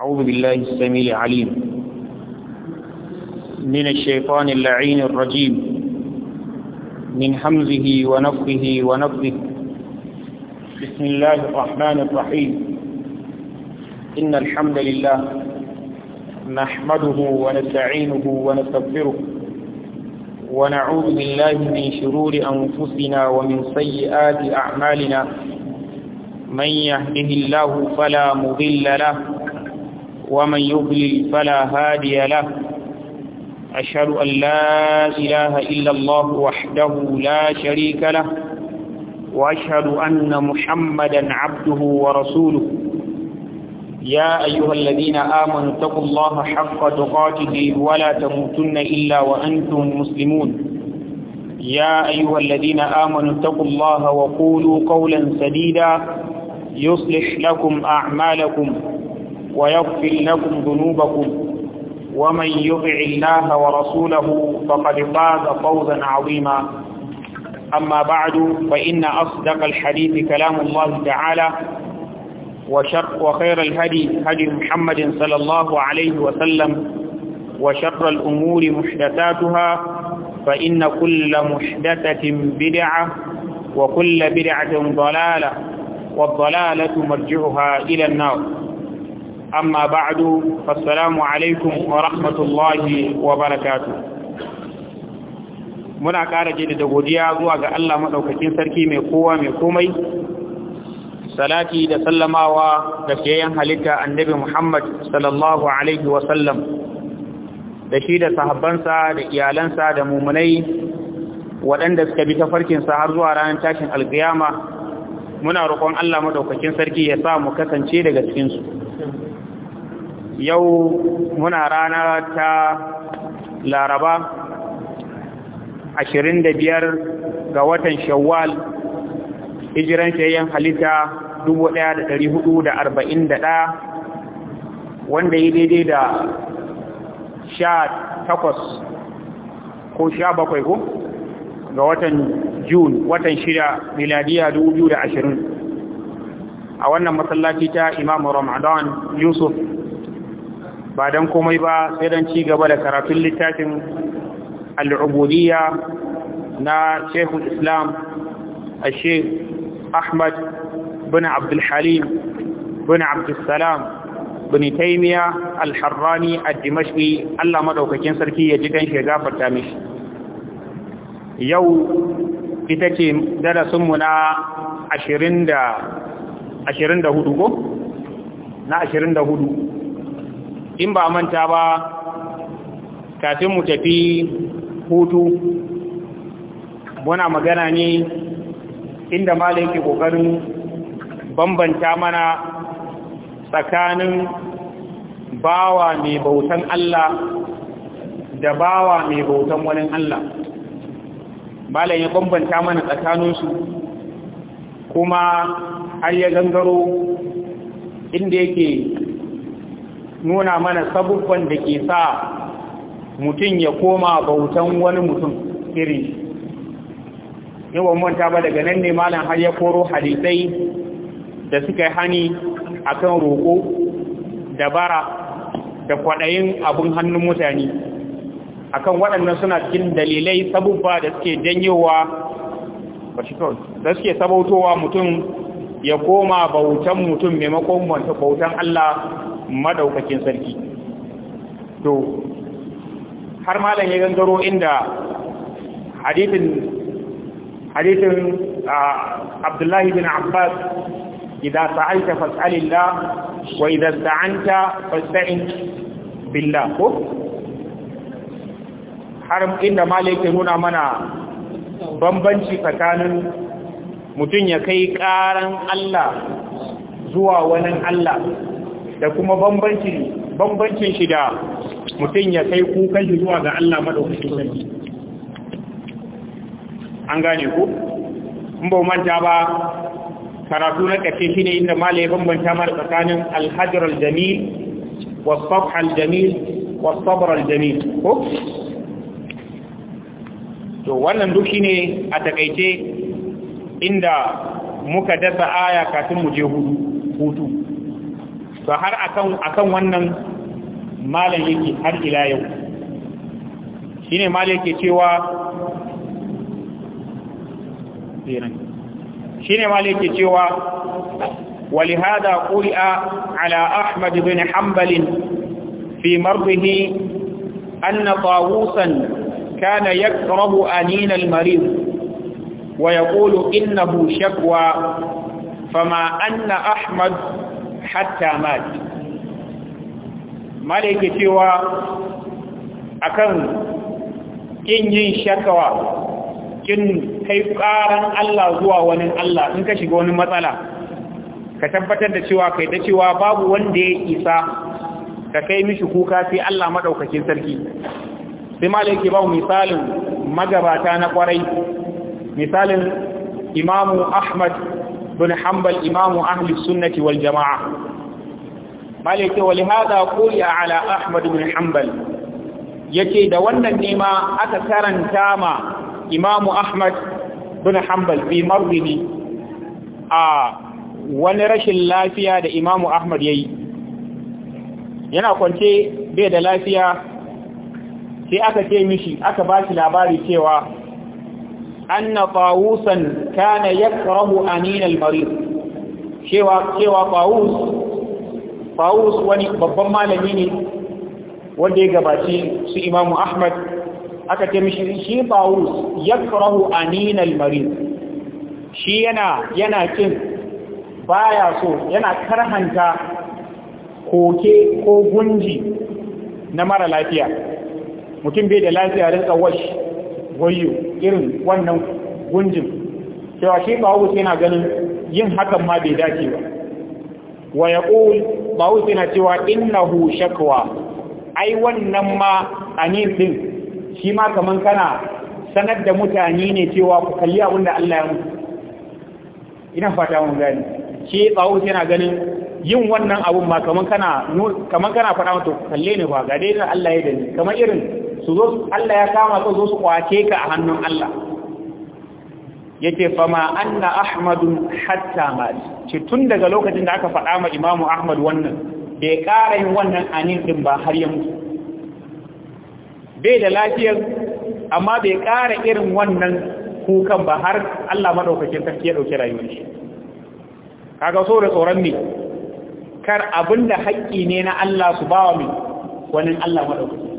أعوذ بالله السميع العليم من الشيطان اللعين الرجيم من حمزه ونفخه ونفخه بسم الله الرحمن الرحيم إن الحمد لله نحمده ونستعينه ونستغفره ونعوذ بالله من شرور أنفسنا ومن سيئات أعمالنا من يهده الله فلا مضل له ومن يضلل فلا هادي له أشهد أن لا إله إلا الله وحده لا شريك له وأشهد أن محمدا عبده ورسوله يا أيها الذين آمنوا اتقوا الله حق تقاته ولا تموتن إلا وأنتم مسلمون يا أيها الذين آمنوا اتقوا الله وقولوا قولا سديدا يصلح لكم أعمالكم ويغفر لكم ذنوبكم ومن يطع الله ورسوله فقد فاز فوزا عظيما أما بعد فإن أصدق الحديث كلام الله تعالى وشر وخير الهدي هدي محمد صلى الله عليه وسلم وشر الأمور محدثاتها فإن كل محدثة بدعة وكل بدعة ضلالة والضلالة مرجعها إلى النار أما بعد فالسلام عليكم ورحمة الله وبركاته muna ƙara jini da godiya zuwa ga Allah maɗaukakin sarki mai kowa mai komai salati da sallamawa da fiyayen halitta annabi Muhammad sallallahu alaihi wasallam da shi da sahabbansa da iyalansa da mumunai waɗanda suka bi tafarkinsa har zuwa ranar tashin alkiyama muna roƙon Allah maɗaukacin sarki ya sa mu kasance daga cikinsu yau muna rana ta laraba 25 ga watan shawwal hijiran shayyan halitta 1441 wanda yi daidai da sha takwas ko sha bakwai ko ga watan Jun watan shida miladiya 2020 a wannan masallaci ta imamu ramadan yusuf ba don komai ba sai don ci gaba da karafin littafin al'ubudiyya na shekul islam a shek ahmad bin abdulhalim bin abdulsalam bin taimiya alharrani a dimashki allah maɗaukakin sarki ya ji ɗan shiga farta mishi yau ita ce darasinmu na ashirin da hudu ko? na ashirin da hudu in ba manta ba kafin mu tafi hutu muna magana ne inda malai ke kokarin bambanta mana tsakanin bawa mai bautan Allah da bawa mai bautan wani Allah malai ya bambanta mana tsakaninsu kuma har ya gangaro inda yake nuna mana sabubban da ke sa mutum ya koma bautan wani mutum iri yawan manta ba daga nan ne malam har ya koro hadisai da suka yi hani a kan roƙo da bara da kwaɗayin abin hannun mutane a kan waɗannan suna cikin dalilai sabubba da suke janyowa da suke sabautowa mutum ya koma bautan mutum maimakon bautan Allah madaukakin sarki to har malam ya gangaro inda hadithin hadithin abdullahi bin abbas idan sa'alta fas'alillah wa idan sa'anta fas'a'in billah ko har inda malam ya nuna mana bambanci tsakanin mutum ya kai ƙaran Allah zuwa wani Allah da kuma bambancin shi da mutum ya kai kukan shi zuwa ga Allah madaukakin sarki an gane ku in ba manta ba karatu na ƙarshe shine inda malai bambanta mara tsakanin alhajar aljamil wasfaf aljamil wasfabar Jamil ko to wannan duk shine a takaice inda muka dasa aya kafin mu je hutu to har akan akan wannan malam yake har ila yau shine malam yake cewa shine malam yake cewa ولهذا قرئ على أحمد بن حنبل في مرضه أن طاووسا كان يكره أنين المريض ويقول إنه شكوى فما أن أحمد hatta mati mala cewa akan kin yin shakawa kin kai karan Allah zuwa wani Allah in ka shiga wani matsala ka tabbatar da cewa kai da cewa babu wanda ya isa ka kai mishi kuka sai Allah madaukakin sarki sai malai ba misalin magabata na kwarai misalin imamu ahmad bin hanbal imamu ahli sunnati wal jama'a malike wa lihada quli ala ahmad bin hanbal yake da wannan nema aka karanta ma imamu ahmad bin hanbal bi mardihi a wani rashin lafiya da imamu ahmad yayi yana kwance bai da lafiya sai aka ce mishi aka ba shi labari cewa anna tawusan kana yakrahu anin al-marid cewa cewa tawus wani babban malami ne wanda ya gabaci su imamu ahmad aka ce mishi shi tawus yakrahu anin al shi yana yana kin baya so yana karhanta koke ko gunji na mara lafiya mutum bai da lafiya rinka washi wayo irin wannan gunjin cewa shi bawus yana ganin yin hakan ma bai dace ba wa yaqul bawus yana cewa innahu shakwa ai wannan ma anin din shi ma kaman kana sanar da mutane ne cewa ku kalli abin da Allah ya muku ina fata mun gani shi bawus yana ganin yin wannan abun ma kaman kana kaman kana fada mutu kalle ne ba ga dai Allah ya dani kamar irin su zo Allah ya kama su zo su kwace ka a hannun Allah yake fama anna ahmadun hatta ma ce tun daga lokacin da aka faɗa ma imamu ahmad wannan bai ƙara yin wannan anin din ba har ya mutu bai da lafiyar amma bai ƙara irin wannan kukan ba har Allah madaukakin sarki ya dauki rayuwar shi kaga so da tsoron ne kar abinda haƙƙi ne na Allah su bawa min wani Allah madaukaki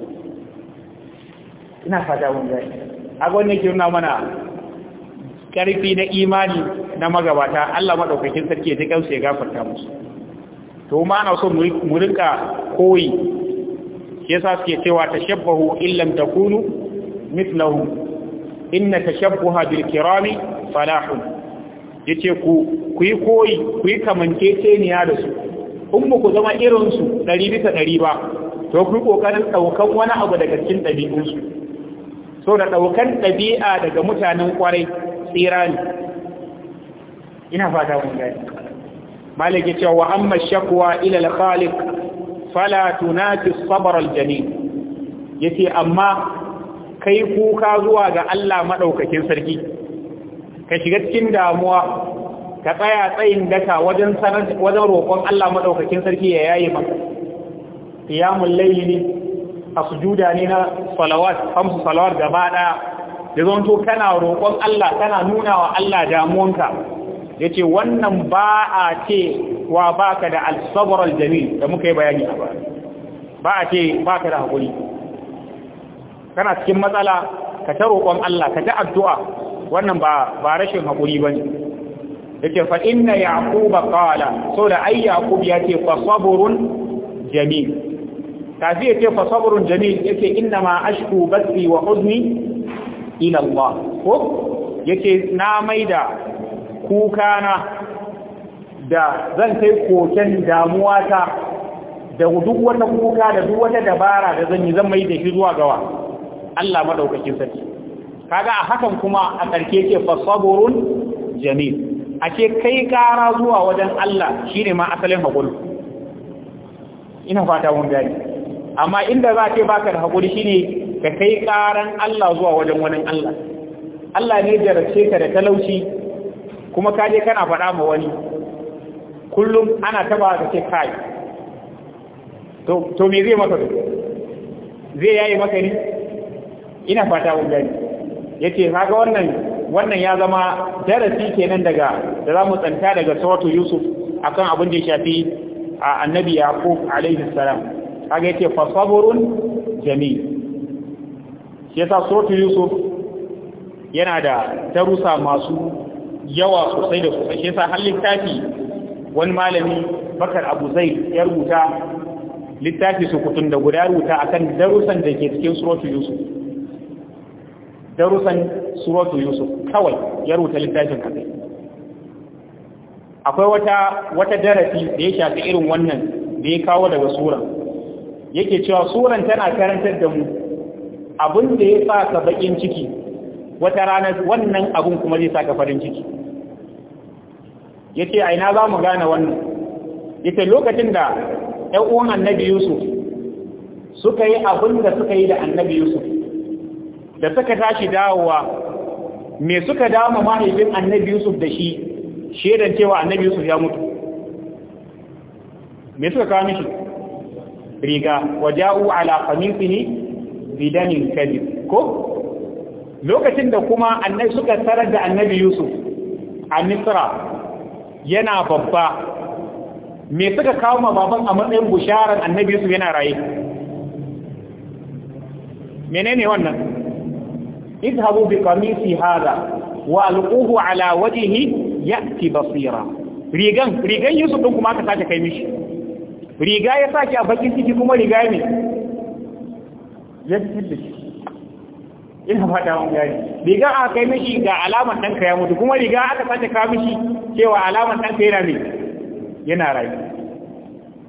ina fata mun gani aga wannan ke nuna mana karfi na imani na magabata Allah madaukakin sarki ya kansu ya gafarta musu to ma na so mu rinka koyi sa suke cewa tashabbahu illam takunu mithlahu inna tashabbuha bil kirami falahun yace ku ku yi koyi ku yi kamanceceniya da su in ku zama irinsu ɗari bisa ɗari ba to ku ƙoƙarin ɗaukan wani abu daga cikin ɗabi'unsu so da daukan ɗabi'a daga mutanen ƙwarai tsira ne ina fata wani gari. Maliki cewa ce wa amma shakwa ilal khaliq fala tunati sabr al janin yace amma kai kuka zuwa ga Allah madaukakin sarki ka shiga cikin damuwa ka tsaya tsayin daka wajen sanar roƙon Allah madaukakin sarki ya yayi maka qiyamul layli a sujuda ne na salawat hamsu salawat gaba daya ya zonto kana roƙon Allah kana nuna wa Allah damuwanka yace wannan ba a ce wa baka da al-sabr al-jamil da muka yi bayani a ba a ce baka da hakuri kana cikin matsala ka ta roƙon Allah ka ta addu'a wannan ba ba rashin hakuri bane yace fa inna yaquba ƙawala, sau da ai yaqub yace fa sabrun jamil kafi ya ce fa sabrun jamil yake inna ma ashku basri wa huzni ila Allah ko yake na maida na da zan kai koken damuwa ta da duk wata kuka da duk wata dabara da zan yi zan mai da shi zuwa gawa Allah madaukakin sarki kaga a hakan kuma a karke yake fa sabrun jamil ake kai kara zuwa wajen Allah shine ma asalin hakuri ina fata mun gani amma inda za ce baka da haƙuri shine ka kai ƙaran Allah zuwa wajen wani Allah Allah ne jarabce ka da talauci kuma ka je kana faɗa ma wani kullum ana taba ka ce kai to me zai maka zai yayi maka ni? ina fata mun gani yace kaga wannan wannan ya zama darasi kenan daga da zamu tsanta daga sawatu yusuf akan abin da ya shafi annabi yaqub alaihi salam kaga yace fa saburun jamil shi yasa suratul yusuf yana da darusa masu yawa sosai da sosai shi yasa har littafi wani malami bakar abu zai ya rubuta littafi su kutun da guda rubuta akan darusan da ke cikin suratul yusuf darusan suratul yusuf kawai ya rubuta littafin kai akwai wata wata darasi da ya shafi irin wannan da ya kawo daga sura yake cewa suran tana karantar da mu abin da ya sa ka bakin ciki wata rana wannan abin kuma zai sa ka farin ciki yace aina ina za mu gane wannan yace lokacin da ɗan uwan annabi yusuf suka yi abin da suka yi da annabi yusuf da suka tashi dawowa me suka dama mahaifin annabi yusuf da shi shedan cewa annabi yusuf ya mutu me suka kawo mishi riga waja'u ala qamisihi bidanin kadib ko lokacin da kuma annabi suka tarar da annabi Yusuf a Misra yana babba me suka kawo ma baban a matsayin bisharar annabi Yusuf yana raye menene wannan izhabu bi qamisi hada wa alquhu ala wajhihi ya'ti basira rigan rigan Yusuf din kuma aka sake kai mishi riga ya saki a bakin ciki kuma riga ne ya fitar da shi ina fata wani gari. riga aka kai mishi ga alamar ɗanka ya mutu kuma riga aka sace ka mishi cewa alamar ɗanka yana ne yana rayu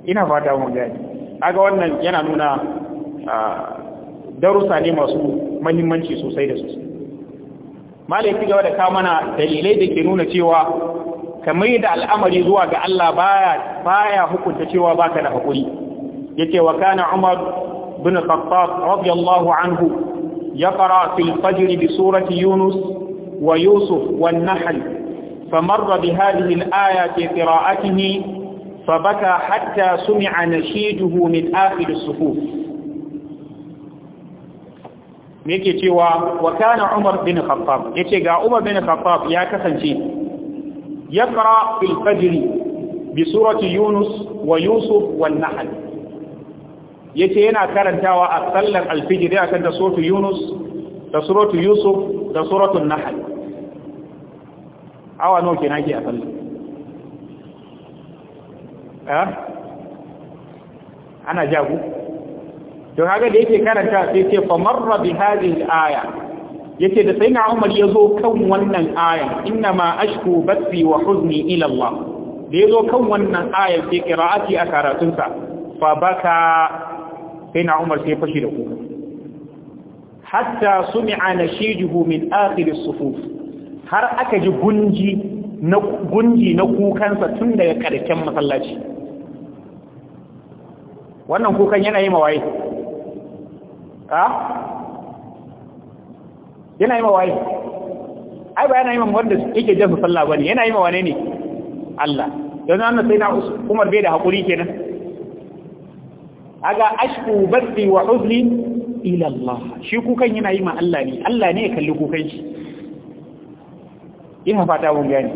ina fata wani gani aga wannan yana nuna darussa ne masu mahimmanci sosai da sosai malai ci gaba da kamana dalilai da ke nuna cewa ka mai da al'amari zuwa ga Allah baya baya hukunta cewa baka da hakuri yace wa kana Umar bin Khattab radiyallahu anhu yaqra fil fajr bi surati Yunus wa Yusuf wan Nahl fa marra bi hadhihi al-aya ayati fi qira'atihi فبكى حتى سمع نشيده من آخر الصفوف yake cewa wa kana Umar bin Khattab yace ga Umar bin Khattab ya kasance يقرأ في الفجر بسورة يونس ويوسف والنحل yace yana karantawa a sallar alfijir akan da suratu yunus da suratu yusuf da suratu nahl awa nawa kenan ke a sallar eh ana jago to kaga da yake karanta sai ce fa marra bi hadhihi al-aya ce da sayyidina Umar zo kan wannan aya inna ma ashku bathi wa huzni ilallah da ya zo kan wannan aya sai qira'ati a karatunsa fa baka sayyidina Umar sai fashi da kuka hatta sumi'a nashijuhu min akhir sufuf har aka ji gunji na kukansa tun daga karshen masallaci wannan kukan yana yi mawaye ah? yana yi ma waye ai ba yana yi ma wanda yake jefa sallah bane yana yi ma wane ne Allah yanzu annabi sai na Umar bai da hakuri kenan aga ashku basti wa uzli ila Allah shi kukan yana yi ma Allah ne Allah ne ya kalli kukan shi ina fata mun gane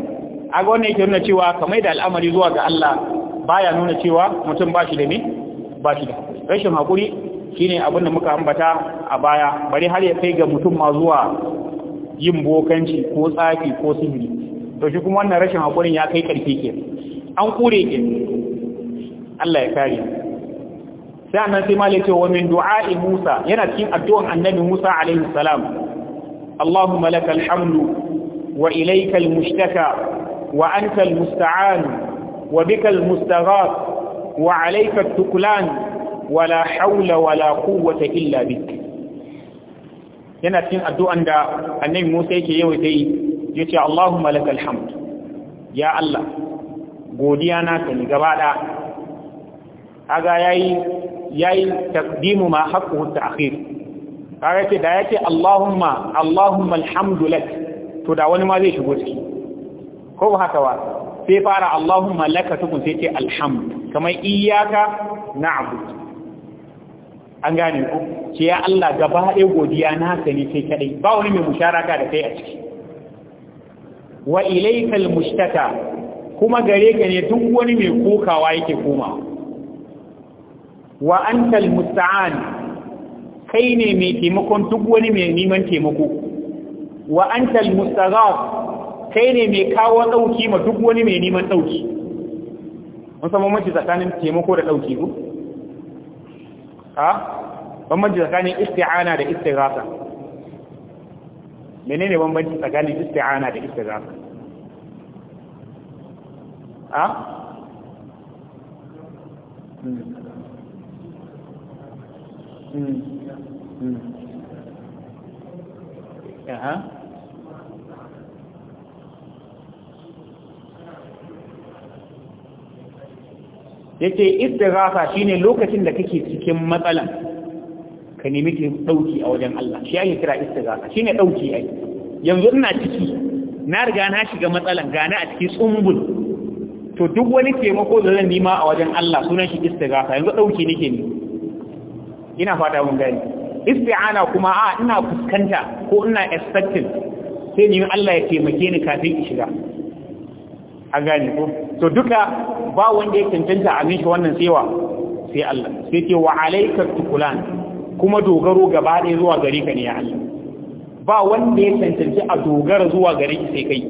aga wannan yake nuna cewa kamar da al'amari zuwa ga Allah baya nuna cewa mutum ba shi da ne ba shi da rashin hakuri shine abun da muka ambata a baya bari har ya kai ga mutum ma zuwa yin bokanci ko tsafi ko sihiri to shi kuma wannan rashin hakurin ya kai karfi ke an kure ke Allah ya kare sai annan sai malai wa min du'a'i Musa yana cikin addu'an annabi Musa alaihi salam Allahumma lakal hamdu wa ilaykal mushtaka wa antal musta'an wa bikal mustaghath wa alaykal tuklan wala haula wala quwwata illa bik yana cikin addu'an da annabi Musa yake yau dai yace Allahumma lakal hamd ya Allah godiya na ka ni gaba da kaga yayi yayi taqdimu ma haqqu ta'khir kaga ce da yake Allahumma Allahumma alhamdu to da wani ma zai shigo ciki ko ba haka ba sai fara Allahumma laka tukun sai ce alhamd kamar iyyaka na'budu an gane ku ce ya Allah gaba ɗaya godiya na hankali kai kaɗai ba wani mai musharaka da kai a ciki wa ilaikal mushtaka kuma gare ka ne duk wani mai kokawa yake koma wa antal musta'an kai ne mai taimakon duk wani mai neman taimako wa antal mustaghaf kai ne mai kawo dauki ma duk wani mai neman dauki musamman mace tsakanin taimako da dauki ku ha bambanci tsakanin isti'ana da istighatha menene bambanci tsakanin isti'ana da istighatha ha Mm. Mm. yace istighatha shine lokacin da kake cikin matsala ka nemi dauki a wajen Allah shi ake kira istighatha shine dauki ai yanzu ina ciki na riga na shiga matsalan gane a cikin tsumbul to duk wani taimako da zan nima a wajen Allah sunan shi istighatha yanzu dauki nake ni ina fata mun gani isti'ana kuma a ina fuskanta ko ina expecting sai ni Allah ya taimake ni kafin in shiga a gane ko to duka ba wanda ya cancanta a mishi wannan sewa sai Allah sai ce wa alaika tukulan kuma dogaro gaba ɗaya zuwa gare ka ne ya Allah ba wanda ya cancanci a dogara zuwa gare ki sai kai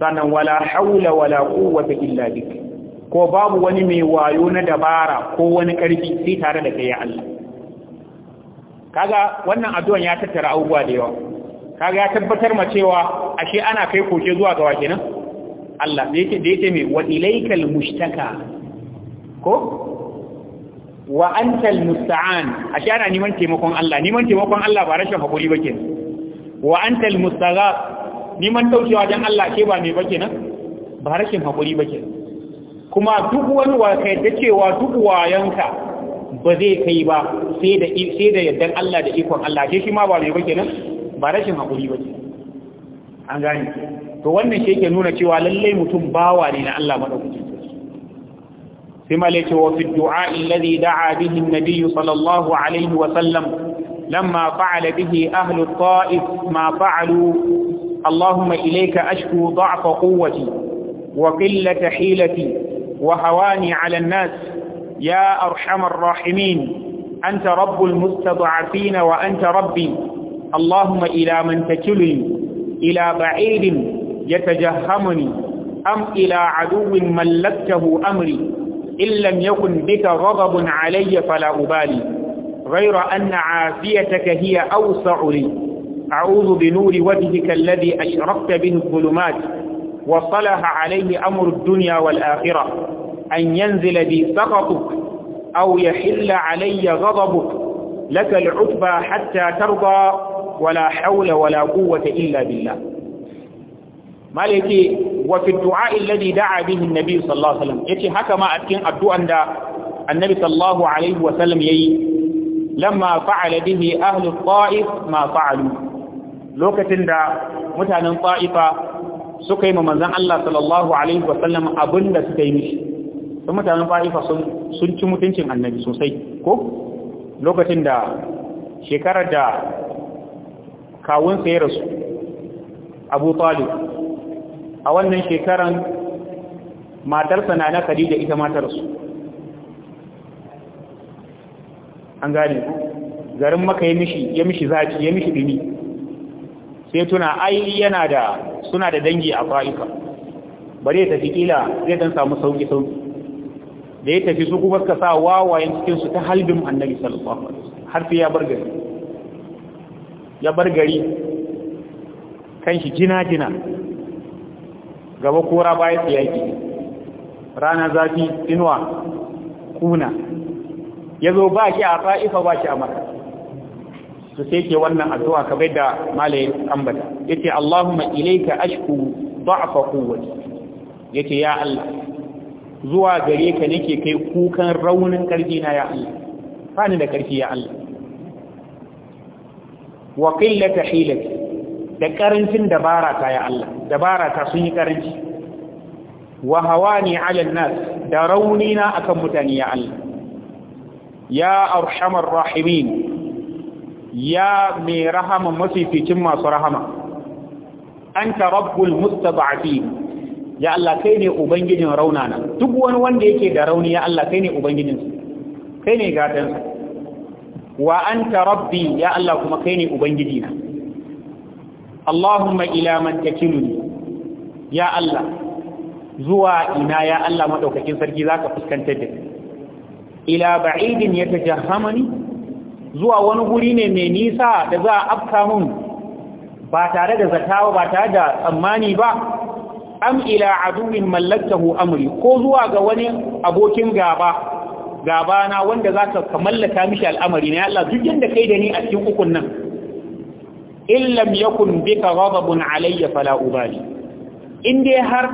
sannan wala haula wala quwwata illa bik ko babu wani mai wayo na dabara ko wani karfi sai tare da kai ya Allah kaga wannan addu'an ya tattara abubuwa da yawa kaga ya tabbatar ma cewa ashe ana kai koke zuwa ga wa kenan Allah da yake da yake mai wa ilaikal mushtaka ko wa antal musta'an ashe ana neman taimakon Allah neman taimakon Allah ba rashin hakuri ba kenan wa antal mustaghaf neman daukewa dan Allah ke ba mai ba kenan ba rashin hakuri ba kenan kuma duk wani wa kai da cewa duk wayanka ba zai kai ba sai da sai da yaddan Allah da ikon Allah ke shi ma ba mai ba kenan ba rashin hakuri ba kenan an gane to wannan shi yake nuna cewa lalle mutum bawa ne na Allah madaukakin sai ma lace wa fi du'a alladhi da'a bihi an nabi sallallahu alaihi wa sallam lamma fa'ala bihi ahlu at-ta'if ma fa'alu allahumma ilayka ashku da'fa quwwati wa أشكو hilati wa hawani 'ala an-nas ya arhamar rahimin anta rabbul mustada'afin wa anta rabbi اللهم إلى من تكلني إلى بعيد يتجهمني أم إلى عدو ملكته أمري إن لم يكن بك غضب علي فلا أبالي غير أن عافيتك هي أوسع لي أعوذ بنور وجهك الذي أشرقت به الظلمات وصلح عليه أمر الدنيا والآخرة أن ينزل بي سخطك أو يحل علي غضبك لك العتبى حتى ترضى ولا حول ولا قوة إلا بالله mala yake wa fi du'a alladhi da'a bihin annabi sallallahu alaihi wasallam yace haka ma a cikin addu'an da annabi sallallahu alaihi wasallam yayi lamma fa'ala bihi ahlu ta'if ma fa'alu lokacin da mutanen ta'ifa suka yi manzon Allah sallallahu alaihi wasallam abinda suka yi mishi sun mutanen ta'ifa sun sun ci mutuncin annabi sosai ko lokacin da shekarar da kawun sa ya rasu Abu Talib a wannan shekaran matarsa na na Khadija ita matarsu an gane garin maka ya mishi ya mishi zafi ya mishi dumi sai tuna ai yana da suna da dangi a fa'ika bare ya tafi kila zai dan samu sauki sauki da ya tafi su kuma suka sa wawayen cikin su ta halbin annabi sallallahu alaihi wasallam har sai ya bar gari ya bar gari kan shi jina jina gaba kora baya tsiyaki rana zafi inuwa kuna ya zo ba ki a fa'ifa ba ki a maka su sai ke wannan addu'a ka bai da malaye ambata ya ce Allahumma ilaika ashku ba'afa kowace ya ce ya Allah zuwa gare ka nake kai kukan raunin ƙarfi na ya Allah fani da ƙarfi ya Allah wa ƙillata hilaki da ƙarancin dabara ta ya Allah dabara ta sun yi karanci wa hawani ala nas da rauni na akan mutane ya Allah ya arhamar rahimin ya mai rahama mafificin masu rahama anta rabbul mustada'afin ya Allah kai ne ubangijin raunana duk wani wanda yake da rauni ya Allah kai ne ubangijinsa kai ne gadansa wa an ta rabbi ya Allah kuma kai ne ubangijina Allahumma ila man takiluni ya Allah zuwa ina ya Allah madaukakin sarki zaka fuskantar da ila ba'idin jahamani? zuwa wani guri ne mai nisa da za a afka mun ba tare da zatawa ba tare da tsammani ba am ila aduwin mallaktahu amri ko zuwa ga wani abokin gaba na wanda zaka ka mallaka mishi al'amari ne Allah duk yanda kai da ni a cikin ukun nan Illam lam yakun bika ghadabun alayya fala ubali in dai har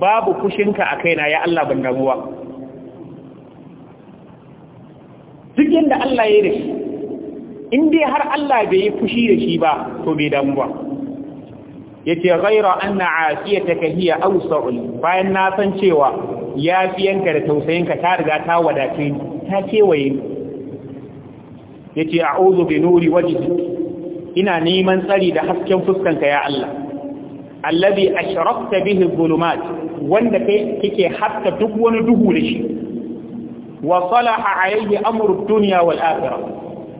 babu fushinka a kaina ya Allah ban damuwa duk yanda Allah ya yi in dai har Allah bai yi fushi da shi ba to bai damuwa yace ghaira anna asiyataka hiya awsa'ul bayan na san cewa yafiyanka da tausayinka ta riga ta wadace ta kewaye yace a'udhu bi nuri wajhika ina neman tsari da hasken fuskanka ya Allah alladhi ashraqta bihi dhulumat wanda kai kike hatta duk wani duhu da shi wa salaha alayhi amru dunya wal akhirah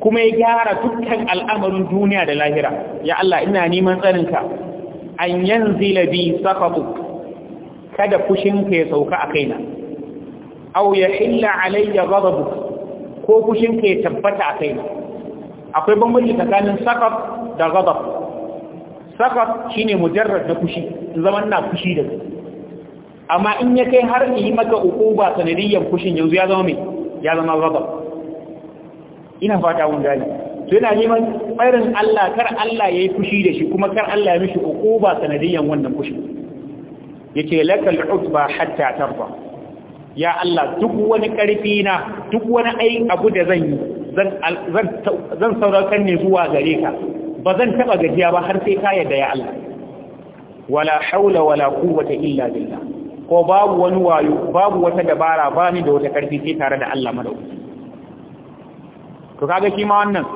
kuma ya gyara dukkan al'amarin duniya da lahira ya Allah ina neman tsarinka an yanzila bi sakatuk kada fushinka ya sauka a kaina aw yahilla alayya ghadabuk ko fushinka ya tabbata a kaina akwai bambanci tsakanin sakat da gadab sakat ne mujarrad da kushi zaman na kushi da kai amma in ya kai har yi maka uku ba sanadiyyan kushin yanzu ya zama mai ya zama gadab ina fata mun gani to yana neman tsarin Allah kar Allah ya yi kushi da shi kuma kar Allah ya mishi uku ba sanadiyyan wannan kushin yace lakal utba hatta tarda ya Allah duk wani karfi na duk wani abu da zan yi zan saurakan ne zuwa gare ka ba zan taɓa gajiya ba har sai ka yadda ya Allah wala haula wala quwwata illa billah ko babu wani wayo babu wata dabara ba ni da wata karfi sai tare da Allah madauki to kaga shi ma wannan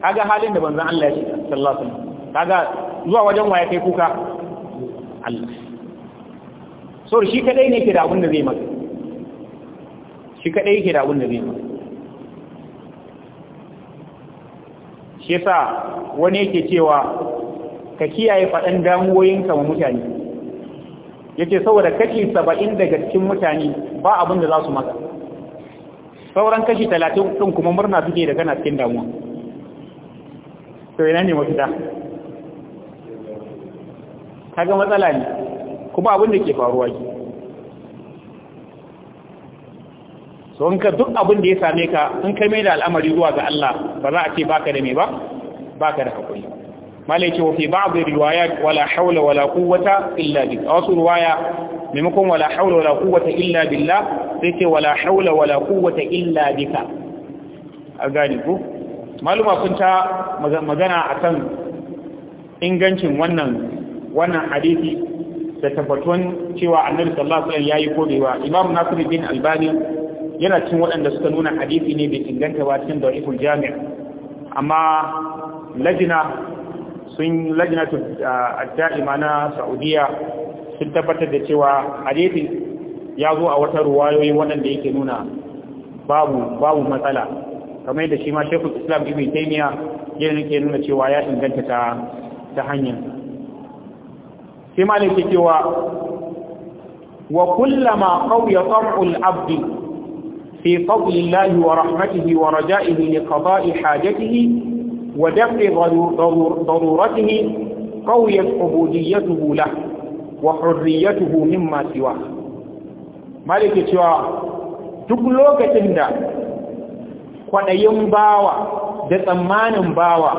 kaga halin da banzan Allah ya sallallahu alaihi wasallam kaga zuwa wajen waya kai kuka Allah so shi kadai ne ke da abin da zai maka shi kadai ke da abin da zai maka shi yasa wani yake cewa ka kiyaye faɗan damuwoyinka wa mutane ce saboda kashi saba'in daga cikin mutane ba abin da za su maka sauran kashi talatin ɗin kuma murna suke da kana cikin damuwa to ina ne mafita kaga matsala ne kuma abin da ke faruwa ke so ka duk abin da ya same ka in ka mai da al'amari zuwa ga Allah ba za a ce baka da me ba baka da hakuri malai ce wafi ba'd riwayat wala hawla wala quwwata illa billah wasu riwaya maimakon wala hawla wala quwwata illa billah sai ce wala hawla wala quwwata illa bika a gani ko maluma kun ta magana akan ingancin wannan wannan hadisi da tabbatuwan cewa annabi sallallahu alaihi wasallam yayi kodewa imam nasir bin albani yana cin waɗanda suka nuna hadisi ne bai inganta ba cikin da'iful jami'a. amma lajina sun lajina tu adda'ima na Saudiya sun tabbatar da cewa hadisi ya zo a wata ruwayoyi waɗanda yake nuna babu babu matsala kamar yadda shi ma Sheikhul Islam Ibn Taymiyyah yana yake nuna cewa ya inganta ta ta hanyar sai malaka cewa wa kullama qawiya tar'ul abdi في فضل الله ورحمته ورجائه لقضاء حاجته ودفع ضرورته قويت عبوديته له وحريته مما سواه مالك سواه duk lokacin da kwaɗayin bawa da tsammanin bawa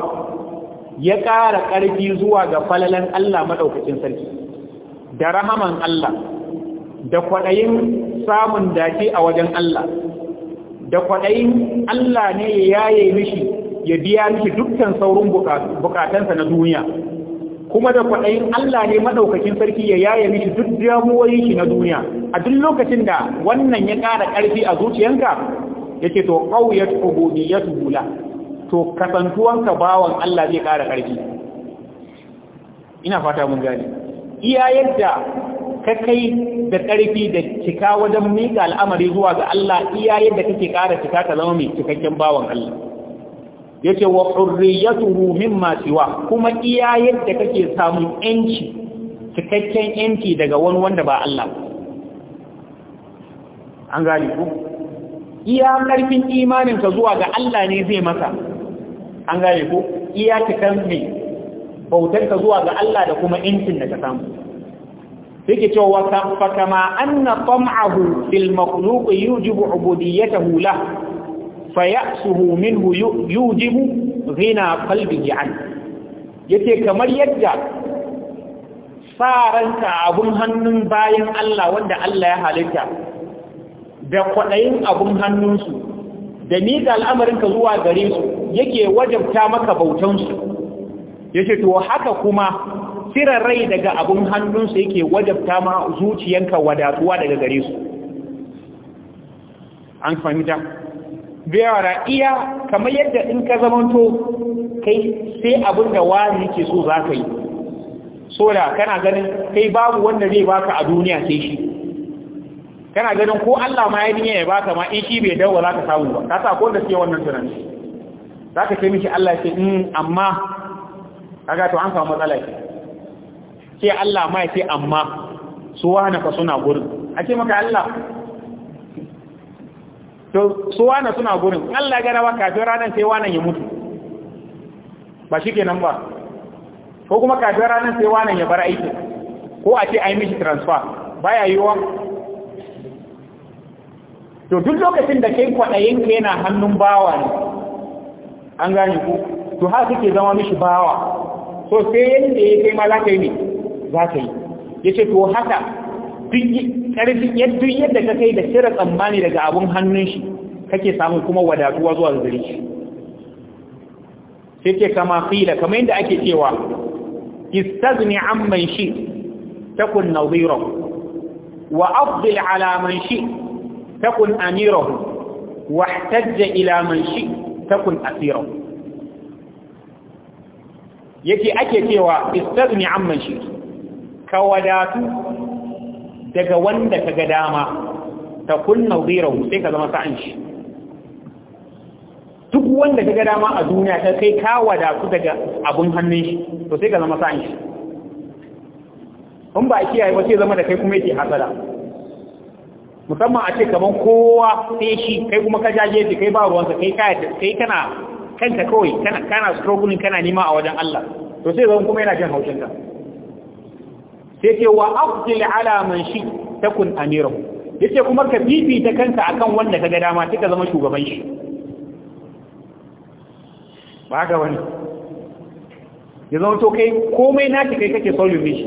ya ƙara ƙarfi zuwa ga falalan Allah maɗaukacin sarki da rahaman Allah da kwaɗayin samun dace a wajen Allah da kwaɗayin Allah ne ya yaye mishi ya biya mishi dukkan saurin bukatansa na duniya kuma da kwaɗayin Allah ne maɗaukakin sarki ya yaye mishi duk damuwoyin shi na duniya a duk lokacin da wannan ya ƙara ƙarfi a zuciyanka yake to ƙauyat ubudiyyatu hula to kasantuwanka bawan Allah zai ƙara ƙarfi ina fata mun gane iya yadda ka kai da ƙarfi da cika wajen miƙa al'amari zuwa ga Allah iya yadda kake ƙara cika ka zama mai cikakken bawan Allah Ya ce wa hurriyatuhu min masuwa? kuma iya yadda kake samun yanci cikakken yanci daga wani wanda ba Allah an gani ku iya ƙarfin imaninka zuwa ga Allah ne zai masa? an gane ku iya cikan mai bautar ka zuwa ga Allah da kuma yancin da ka samu yake cewa fa kama anna tam'ahu fil makhluq yujibu ubudiyyatahu la fayasuhu minhu yujibu ghina qalbihi an yace kamar yadda faranta abun hannun bayan Allah wanda Allah ya halitta da kwadayin abun hannunsu da miƙa al'amarinka zuwa gare su yake wajabta maka bautansu Yace to haka kuma cire rai daga abun hannunsu yake wajabta ma zuciyanka wadatuwa daga gare su an fahimta biyara iya kamar yadda in ka zamanto kai sai abin da wani ke so za ka yi So da kana ganin kai babu wanda zai baka a duniya sai shi kana ganin ko Allah ma ya dinya ya baka ma in shi bai dawo za ka samu ba ka sa ko da suke wannan tunani za ka ce miki Allah ce in mm, amma kaga to an samu matsala ce Allah ma ce amma su wane fa suna gurin a ce maka Allah to su wane suna gurin Allah gara ba kafin ranar sai wane ya mutu ba shi ke nan ba ko kuma kafin ranar sai wane ya bar aiki ko a ce a yi mishi transfer yi wa to duk lokacin da ke kai kwaɗayinka yana hannun bawa ne an gane ku to haka suke zama mishi bawa so sai yadda ya kai ma za ne za ka yi ya ce to haka ƙarfin yadda yadda ka kai da shirar tsammani daga abin hannun shi kake samun kuma wadatuwa zuwa gari shi sai ce kama fila kama yadda ake cewa istazni an man shi takun naziran wa afdil ala man shi takun amirahu wa ihtajja ila man shi takun asirahu yake ake cewa istazni an man shi ka wadatu daga wanda ka ga dama ta kunna zirahu sai ka zama sa'an shi duk wanda ka ga dama a duniya ta kai ka wadatu daga abun hannun shi to sai ka zama sa'an shi in ba a kiyaye ba sai zama da kai kuma yake hasada musamman a ce kaman kowa sai shi kai kuma ka jaje shi kai ba ruwansa kai kai kana kanka kawai kana kana struggling kana nema a wajen Allah to sai zama kuma yana jin haushinka sai ce wa afdil ala man shi takun amiru yace kuma ka fifita kanka akan wanda kaga dama kika zama shugaban shi ba ga wani ya zama to kai komai naki kai kake solving shi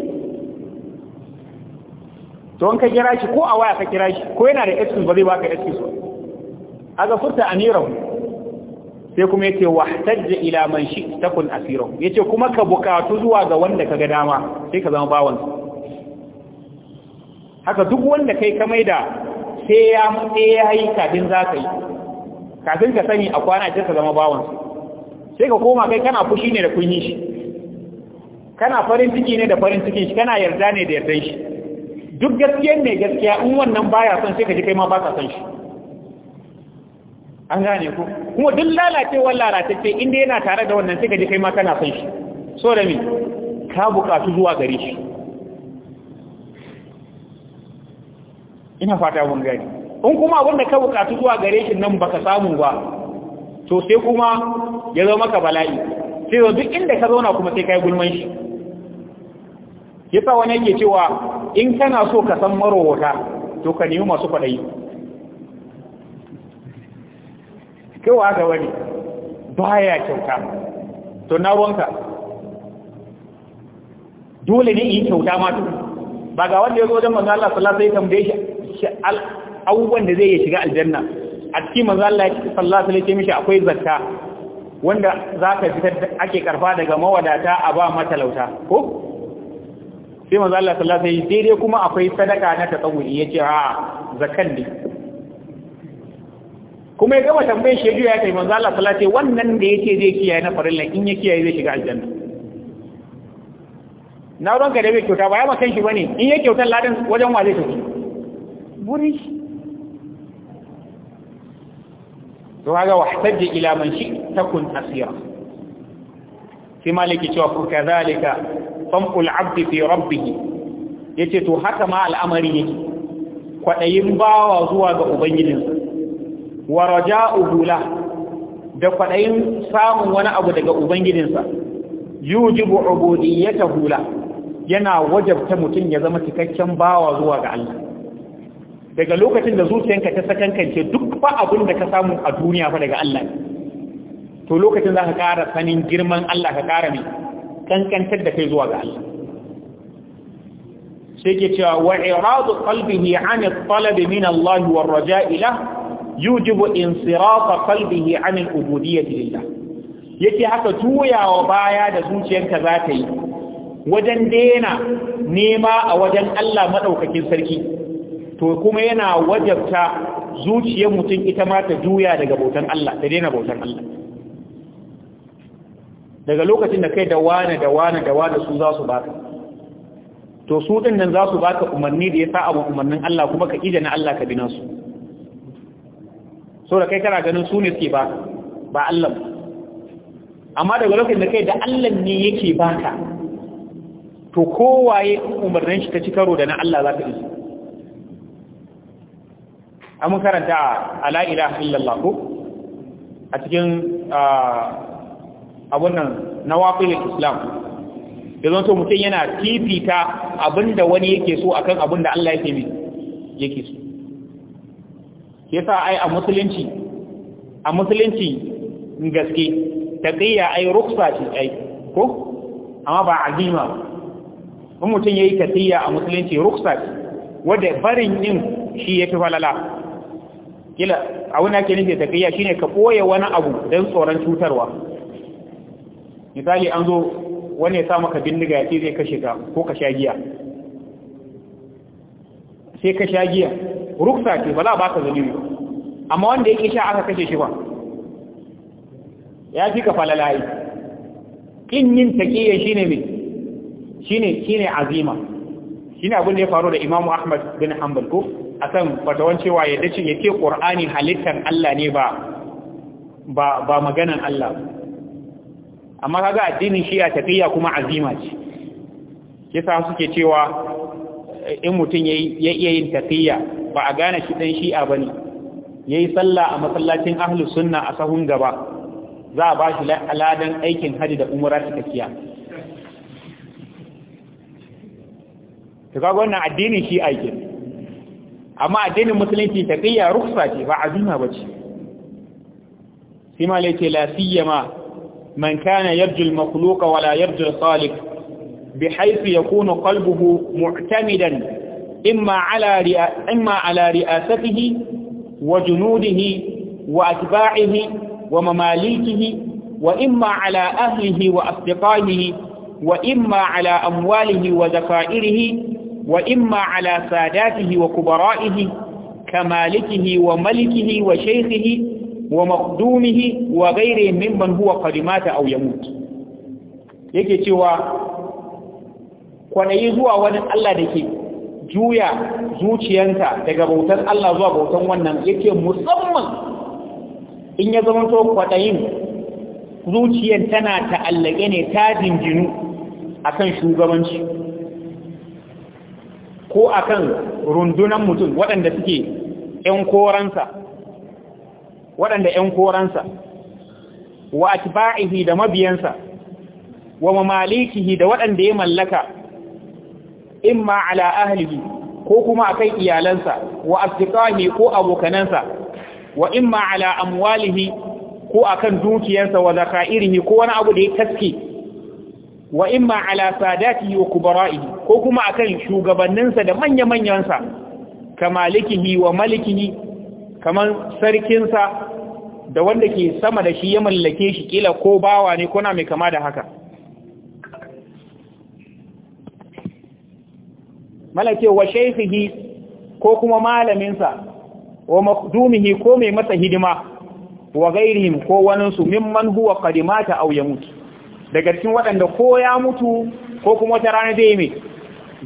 to an ka kira shi ko a waya ka kira shi ko yana da excuse ba zai baka excuse ba aga furta Amiru sai kuma wa wahtajja ila man shi takun asira yace kuma ka bukatu zuwa ga wanda kaga dama sai ka zama bawansa. haka duk wanda kai ka maida sai ya mutse ya yi kafin za ka yi kafin ka sani a kwana ce ka zama bawansu sai ka koma kai kana fushi ne da kunyi shi kana farin ciki ne da farin cikin shi kana yarda ne da yardan shi duk gaskiyar ne gaskiya in wannan baya son sai ka ji kai ma ba ka son shi an gane ku kuma duk lalacewar lalatacce inda yana tare da wannan sai ka ji kai ma kana son shi so da me ka buƙaci zuwa gare shi ina fata mun gani in kuma abin da ka bukatu zuwa gare shi nan baka samu ba to sai kuma ya zama maka bala'i sai zo duk inda ka zauna kuma sai kai gulman shi yasa wani yake cewa in kana so ka san marowata to ka nemi masu kwaɗayi kewa ga wani baya kyauta to na ruwanka dole ne in kyauta ma ba ga wanda ya zo wajen manzo Allah sallallahu alaihi wasallam tambaye shi shi abubuwan da zai yi shiga aljanna a cikin manzo Allah ya ce sallallahu alaihi mishi akwai zarta wanda za ka fitar ake karfa daga mawadata a ba matalauta ko sai manzo Allah sallallahu alaihi daidai dai kuma akwai sadaka na tatawuri ce a zakkan ne kuma ya gama tambayar shi ya kai ya Allah sallallahu alaihi wannan da ya ce zai kiyaye na farilla in ya kiyaye zai shiga aljanna na ranka da bai kyauta ba ya makan shi ba ne, in ya kyautar ladin wajen wa zai tafi Buri. to kaga wahtajja ila man shi takun asira sai maliki cewa ku kazalika famul abdi fi rabbih yace to haka ma al'amari yake kwadayin bawa zuwa ga ubangijinsa wa raja'uhu lahu da kwaɗayin samun wani abu daga Ubangidinsa, yujibu ubudiyyata hula yana wajabta mutum ya zama cikakken bawa zuwa ga Allah. daga lokacin da zuciyanka ta sakankance duk ba abin da ka samu a duniya fa daga Allah to lokacin za ka ƙara sanin girman Allah ka ƙara mai kankantar da kai zuwa ga Allah sai ke cewa wa iradu qalbihi an talab min Allah wa raja'i la yujibu insirata qalbihi an al-ubudiyyah lillah yake haka tuyawa baya da zuciyarka za ta yi wajen daina nema a wajen Allah madaukakin sarki to kuma yana wajabta zuciyar mutum ita ma ta juya daga bautan Allah ta daina bautan Allah daga lokacin da kai da wane da wane da wane su za su baka to su din nan za su baka umarni da ya sa abu umarnin Allah kuma ka ije na Allah ka bina su saboda da kai kana ganin su ne suke ba, ba Allah amma daga lokacin da kai da Allah ne yake baka to kowaye umarnin shi ta ci karo da na Allah za ka ije mun karanta a la ilaha illallah ko a cikin abun nan nawaqil islam da zan so mutum yana fifita abinda wani yake so akan abinda Allah yake mi yake so sa ai a musulunci a musulunci gaske taqiyya ai ruksa ce ai ko amma ba azima in mutum yayi taqiyya a musulunci ruksa ce wanda barin yin shi yake falala kila a da ake nufi taqiya shine ka boye wani abu dan tsoron cutarwa misali an zo wani ya sa maka bindiga ya ce zai kashe ka ko ka sha giya sai ka sha giya ruksa ce ba za a ka zalimi amma wanda ya sha aka kashe shi ba ya fi ka falalaye kin yin takiyya shine mai shine shine azima shine abin da ya faru da Imam Ahmad bin Hanbal ko akan fatawan cewa yadda ce yake Qur'ani halittar Allah ne ba ba maganan Allah amma kaga addinin shi a tafiya kuma azima ce yasa suke cewa eh, in mutum yayi ya iya yin tafiya ba a gane shi dan shi'a bane yayi sallah a masallacin ahlus sunna a sahun gaba za a bashi al'adan aikin haji da umra ta tafiya. kaga wannan addinin shi'a kenan amma addinin musulunci taqiyya rukhsa ce ba azima bace sai ma lace la siyama man kana yarju makhluqa wala la salik bi haythu yakunu qalbuhu mu'tamidan imma ala imma ala ri'asatihi wa junudihi wa atba'ihi wa mamalikihi wa imma ala ahlihi wa asdiqaihi wa imma ala amwalihi wa zakairihi wa imma ala sadatihi wa kubara'ihi kamalikihi wa malikihi wa shaykhihi wa maqdumihi wa ghairihi mimman huwa qad mata yamut yake cewa kwanayi zuwa wani Allah da ke juya zuciyanta daga bautan Allah zuwa bautan wannan yake musamman in ya zama to kwadayin zuciyar tana ta'allage ne ta a kan shugabanci ko akan rundunan mutum waɗanda suke ‘yan koransa waɗanda ‘yan koransa wa atba'ihi da mabiyansa wa mamalikihi da waɗanda ya mallaka imma ala ahlihi ko kuma a kai iyalansa wa asdiqahi ko abokanansa wa imma ala amwalihi ko akan dukiyarsa wa zakairihi ko wani abu da ya taske wa imma ala sadati wa kubara'ihi ko kuma akan shugabanninsa da manya-manyansa likihi wa malikihi kaman sarkinsa da wanda ke sama da shi ya mallake shi kila ko bawa ne kuna mai kama da haka malake wa shaykhihi ko kuma malaminsa wa makdumihi ko mai masa hidima wa gairihim ko waninsu mimman huwa qadimata aw yamut daga cikin waɗanda ko ya mutu ko kuma wata rana zai mai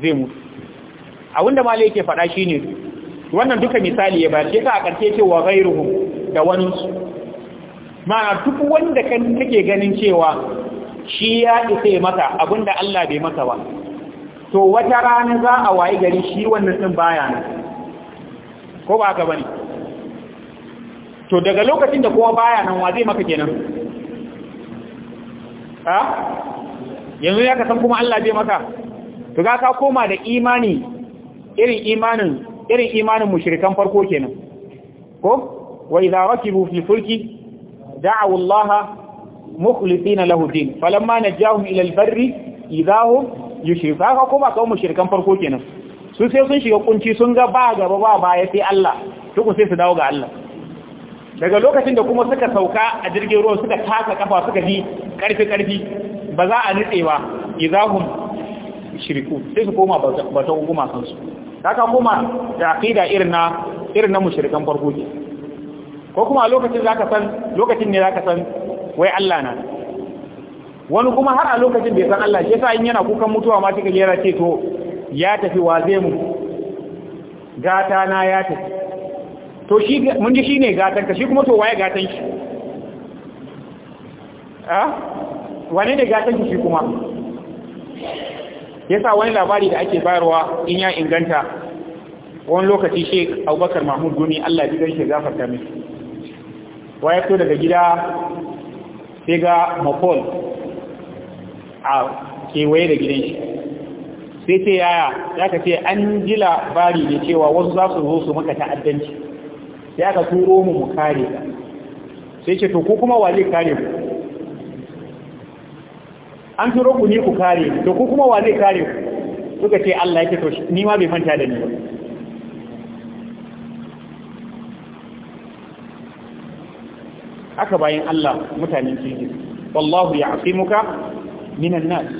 zai mutu abinda ma yake faɗa shi ne wannan duka misali ya ba ce a ƙarfe ce wa gairuhu da waninsu ma'ana duk wanda kan take ganin cewa shi ya isa mata abinda Allah bai mata ba to wata rana za a wayi gari shi wannan din baya nan ko ba ka bane to daga lokacin da kowa baya nan wa zai maka kenan ha yanzu ya ka san kuma Allah bai maka to ga ka koma da imani irin imanin irin imanin mushrikan farko kenan ko wa idha rakibu fi fulki da'u Allah mukhlisina lahu din falamma najahum ila al-barri idza hum yushrikun ka koma kawo mushrikan farko kenan su sai sun shiga kunci sun ga ba gaba ba baya sai Allah to sai su dawo ga Allah daga lokacin da kuma suka sauka a jirgin ruwan suka taka kafa suka ji karfi-karfi ba za a ba, izahun shiriku sai su koma hukuma gumakansu ta ka koma da aƙida irin na mushirikan farko ne ko kuma a lokacin za ka san lokacin ne za ka san wai Allah na wani kuma har a lokacin bai san Allah shi sa in yana kukan mutuwa ma cikin gera ce to ya tafi wa zai mu gata na ya tafi to shi mun ji shine gatan ka shi kuma to waye gatan shi a wane ne gatan shi kuma yasa wani labari da ake bayarwa in ya inganta wani lokaci Sheikh Abubakar Mahmud Gumi Allah ya gaishe gafarta mishi waye to daga gida sai ga mafol a kewaye da gidan shi sai ce yaya za ka ce an ji labari ne cewa wasu za su zo su maka ta'addanci sai aka turo mu mu kare ka sai ce to ku kuma wa zai kare ku an turo ku ne ku kare to ku kuma wa zai kare ku suka ce Allah yake to ni ma bai manta da ni ba aka bayan Allah mutanen cikin wallahu ya'simuka minan nas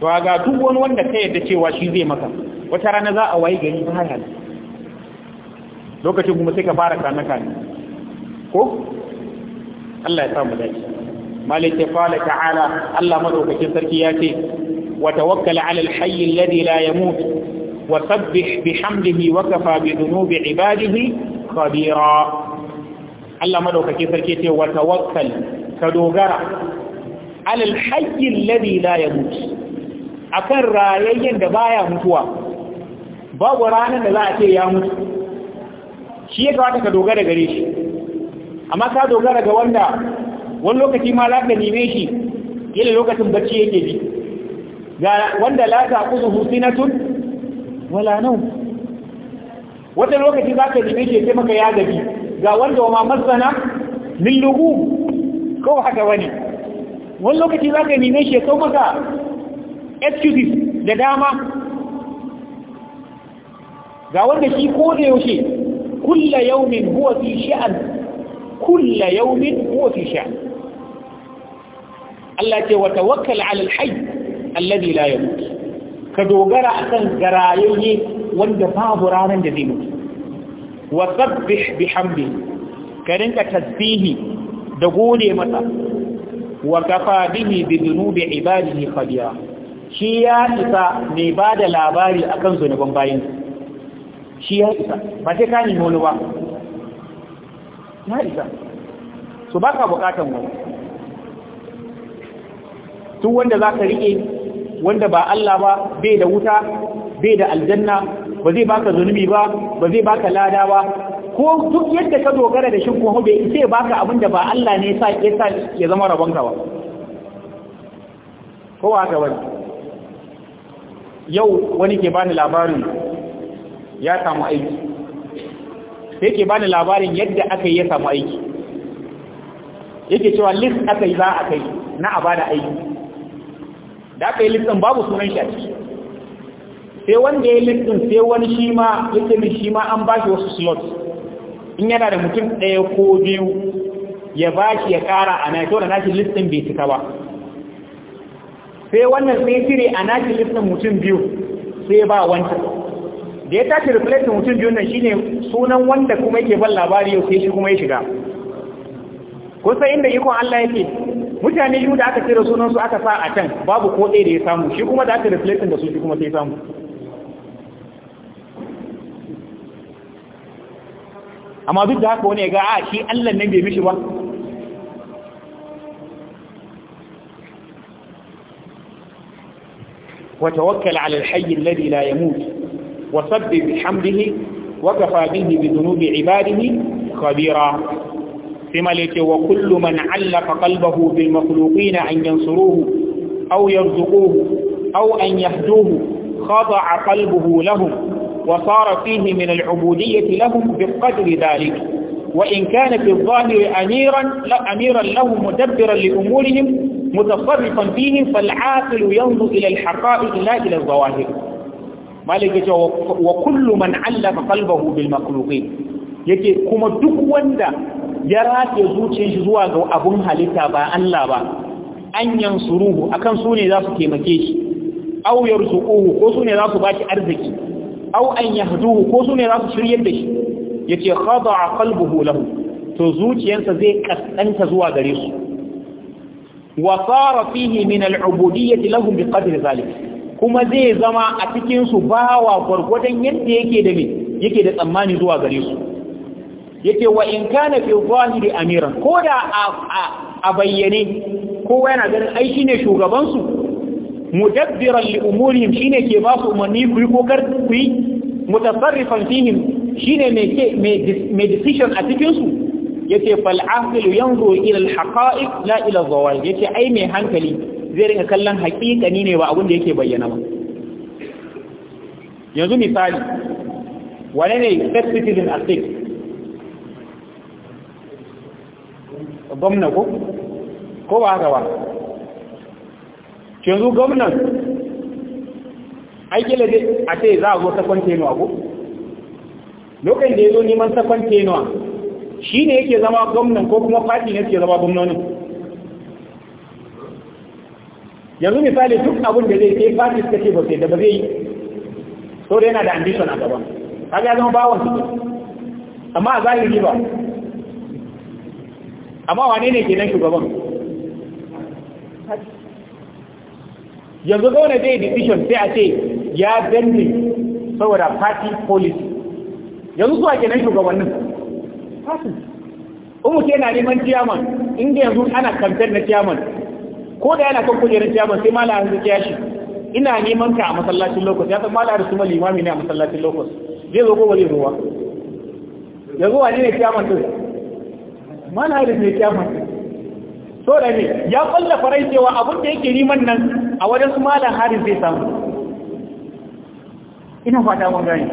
to ga duk wani wanda ka yadda cewa shi zai maka wata rana za a wayi gari ba haka lokacin kuma sai ka fara kane kane ko Allah ya samu mu dace malik ya fala ta'ala Allah madaukakin sarki ya ce wa tawakkal Alal al-hayy alladhi la yamut wa sabbih bihamdihi wa kafa bi dhunubi 'ibadihi khabira Allah madaukake sarki ce wa tawakkal ka dogara alal hayy alladhi la mutu akan rayayyen da baya mutuwa babu ranar da za a ce ya mutu shi ya kawata ka dogara gare shi amma ka dogara ga wanda wani lokaci ma laka nime shi yadda lokacin bacci yake ji ga wanda laka kuzu husinatun wala nan. wata lokaci za ka nime shi ya maka ya gabi ga wanda ma masana min lugu ko haka wani wani lokaci za ka nime shi ya sau maka excuses da dama ga wanda shi ko da yaushe kulla yaumin huwa fi sha'an kulla yaumin huwa fi sha'an Allah ce wa tawakkal ala al-hayy alladhi la yamut ka dogara akan garayayye wanda babu ranar da zai mutu wa sabbih bihamdi ka rinka tasbihi da gode masa wa kafa bihi bi dhunubi ibadihi khabira shi ya isa ne bada labari akan zunuban bayinsa shi ya isa ba sai ka nemi wani ba ya isa so ba ka bukatan wani tun wanda za ka riƙe wanda ba Allah ba bai da wuta bai da aljanna ba zai baka zunubi ba ba zai baka lada ba ko duk yadda ka dogara da shi ko bai isa ya baka abin da ba Allah ne ya sa ya zama rabon ka ba ko haka wani yau wani ke bani labarin ya samu aiki ke bani labarin yadda aka yi ya samu aiki yake cewa list aka yi za a kai na a bada aiki da aka yi listin babu sunan shi a ciki sai wanda ya yi listin sai wani shi ma listimin shi ma an ba shi wasu slot in yana da mutum ɗaya ko biyu ya ba shi ya ƙara a naito da nashi listin bai cika ba sai wannan sai cire a nashi listin mutum biyu sai ba wancan da ya tashi replacing mutum biyun nan shine sunan wanda kuma yake ban labari yau sai shi kuma ya shiga kusa inda ikon Allah yake mutane biyu da aka cire sunan su aka sa a can babu ko ɗaya da ya samu shi kuma da aka replacing da su shi kuma sai samu amma duk da haka wani ya ga a ah, shi Allah nan bai mishi ba wa tawakkal ala al-hayy alladhi la yamut وسبح بحمده وكفى به بذنوب عباده خبيرا ثم لك وكل من علق قلبه بالمخلوقين أن ينصروه أو يرزقوه أو أن يهدوه خضع قلبه لهم وصار فيه من العبودية لهم بقدر ذلك وإن كان في الظاهر أميرا لا أميرا لهم مدبرا لأمورهم متصرفا فيهم فالعاقل ينظر إلى الحقائق لا إلى الظواهر malik yace wa kullu man allafa qalbahu bil makhluqin yake kuma duk wanda ya rataye zuciyar shi zuwa ga abun halitta ba Allah ba Anyan suruhu akan su ne za su taimake shi aw yarzuquhu ko su ne za su baki arziki aw an yahduhu ko su ne za su shiryar da shi yace khada'a qalbuhu lahu to zuciyarsa zai kaskanta zuwa gare su wa sara fihi min al-ubudiyyah lahum biqadri zalik kuma zai zama a cikin su bawa gwargwadon yadda yake da yake da tsammani zuwa gare su yake wa in kana fi zahiri amiran ko da a bayyane kowa yana ganin ai ne shugaban su dabbiran li shi ne ke ba su umarni ku yi kokar ku yi mutasarrifan fihim shi ne mai decision a cikin su yace fal aqilu yanzuru ila al haqa'iq la ila zawal yace ai mai hankali zai ringa kallon haƙiƙani ne ba abin da yake bayyana ba yanzu misali wane ne first citizen a state gwamna ko ko ba haka ba yanzu gwamna aiki lade a ce za a zo sakon tenuwa ko lokacin da ya zo neman sakon tenuwa shi ne yake zama gwamna ko kuma fati ne ke zama gwamnanin yanzu misali duk abin da zai sai parties kace ba sai da ba zai so da yana da ambition a gaban kaga ya zama bawon su amma a zahiri ba amma wane ne kenan shugaban yanzu zaune zai decision sai a ce ya danne saboda party policy yanzu zuwa kenan shugabannin party umu ke na neman chairman inda yanzu ana kamfen na chairman ko da yana kan kujerar ciyaman sai mala hanzu ya shi ina neman ka a masallacin lokos ya san mala mali imami ne a masallacin lokos zai zo gobe zai ruwa ya zuwa ne ne ciyaman din mala harsu ne ciyaman so da ne ya kwalla farai cewa abin da yake neman nan a wajen su mala harin zai samu ina fata mun gani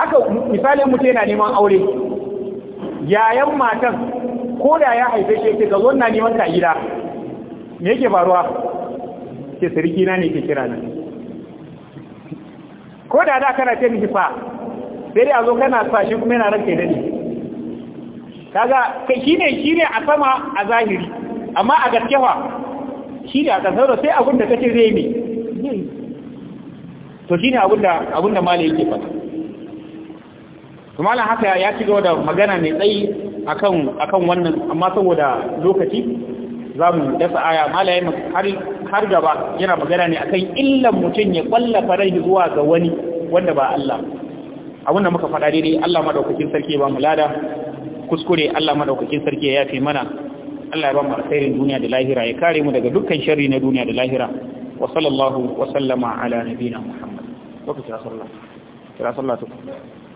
haka misalin mutum yana neman aure yayan matan ko da ya haife shi ke ga zo na neman ta gida me yake faruwa ke sarki na ne ke kira ni. ko da da kana ce miki fa sai dai a zo kana sa shi kuma yana da ni kaga kai shine shine a sama a zahiri amma a gaskewa shine a kasar sai abin da kace zai ne to shine abin da abin da malai yake fata kuma haka ya ci gaba da magana mai tsayi akan akan wannan amma saboda lokaci za mu dasa aya malaye har gaba yana magana ne akan illan mutum ya kwallafa rai zuwa ga wani wanda ba Allah abin da muka faɗa daidai Allah madaukakin sarki ba mu lada kuskure Allah madaukakin sarki ya yafe mana Allah ya ba mu alkhairin duniya da lahira ya kare mu daga dukkan sharri na duniya da lahira wa sallallahu wa sallama ala muhammad wa